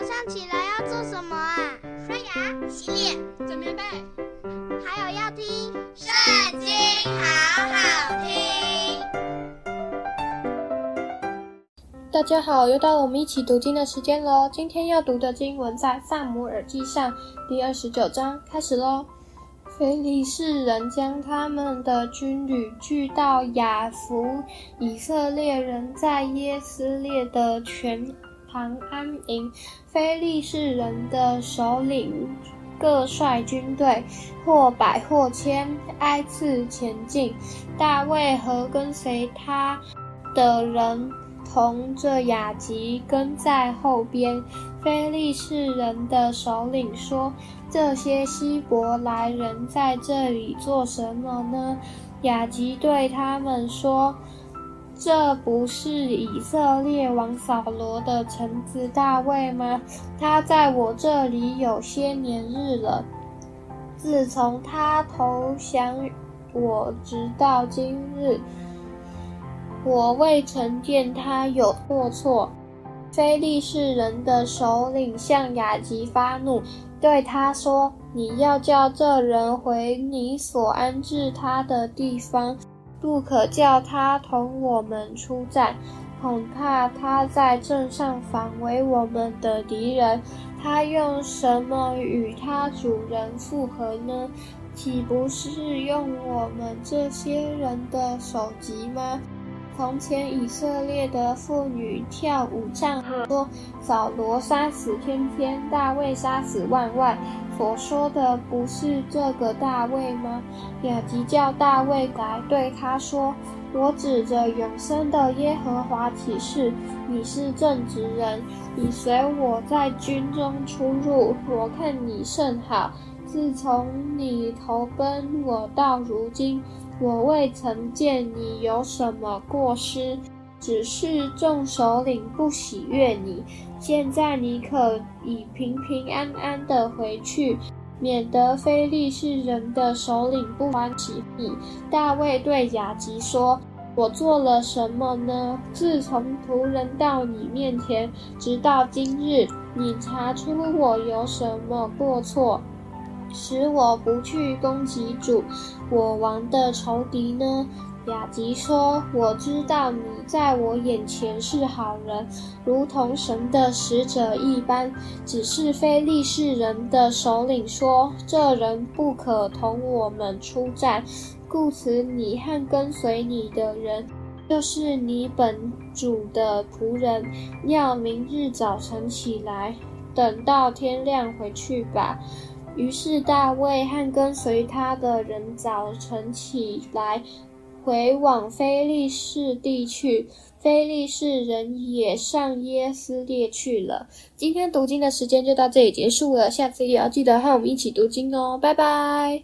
早上起來要做什麼啊？刷牙、洗臉、準備備，還有要聽《聖經》，好好聽。大家好，又到了我們一起讀經的時間嘍。今天要讀的經文在《撒母耳記上》第二十九章，開始嘍。非利士人將他們的軍旅聚到亞弗，以色列人在耶斯列的泉。旁安營，非利士人的首領各率軍隊，或百或千，挨次前進。大衛和跟隨他的人同着亞吉跟在後邊。非利士人的首領說：“這些希伯來人在這裡做什麼呢？”亞吉對他們說：這不是以色列王掃羅的臣子大衛嗎？他在我這裡有些年日了。自從他投降我，直到今日，我未曾見他有過錯。非利士人的首領向亞吉發怒，對他說：“你要叫這人回你所安置他的地方。”不可叫他同我們出戰，恐怕他在陣上反為我們的敵人。他用什麼與他主人復和呢？豈不是用我們這些人的首級嗎？從前，以色列的婦女跳舞唱和，「說：“掃羅殺死千千，大衛殺死萬萬。”所說的不是這個大衛嗎？亞吉叫大衛來，對他說：“我指着永生的耶和華起誓，你是正直人，你隨我在軍中出入，我看你甚好。自從你投奔我到如今。”我未曾見你有什麼過失，只是眾首領不喜悅你。現在你可以平平安安地回去，免得非利士人的首領不歡喜你。大衛對亞吉說：“我做了什麼呢？自從僕人到你面前，直到今日，你查出我有什麼過錯？”使我不去攻擊主，我王的仇敵呢？亞吉說：“我知道你在我眼前是好人，如同神的使者一般。只是非利士人的首領說，這人不可同我們出戰，故此你和跟隨你的人，就是你本主的僕人，要明日早晨起來，等到天亮回去吧。”於是大衛和跟隨他的人早晨起來，回往非利士地去。非利士人也上耶斯列去了。今天讀經的時間就到這裡結束了，下次也要記得和我們一起讀經哦，拜拜。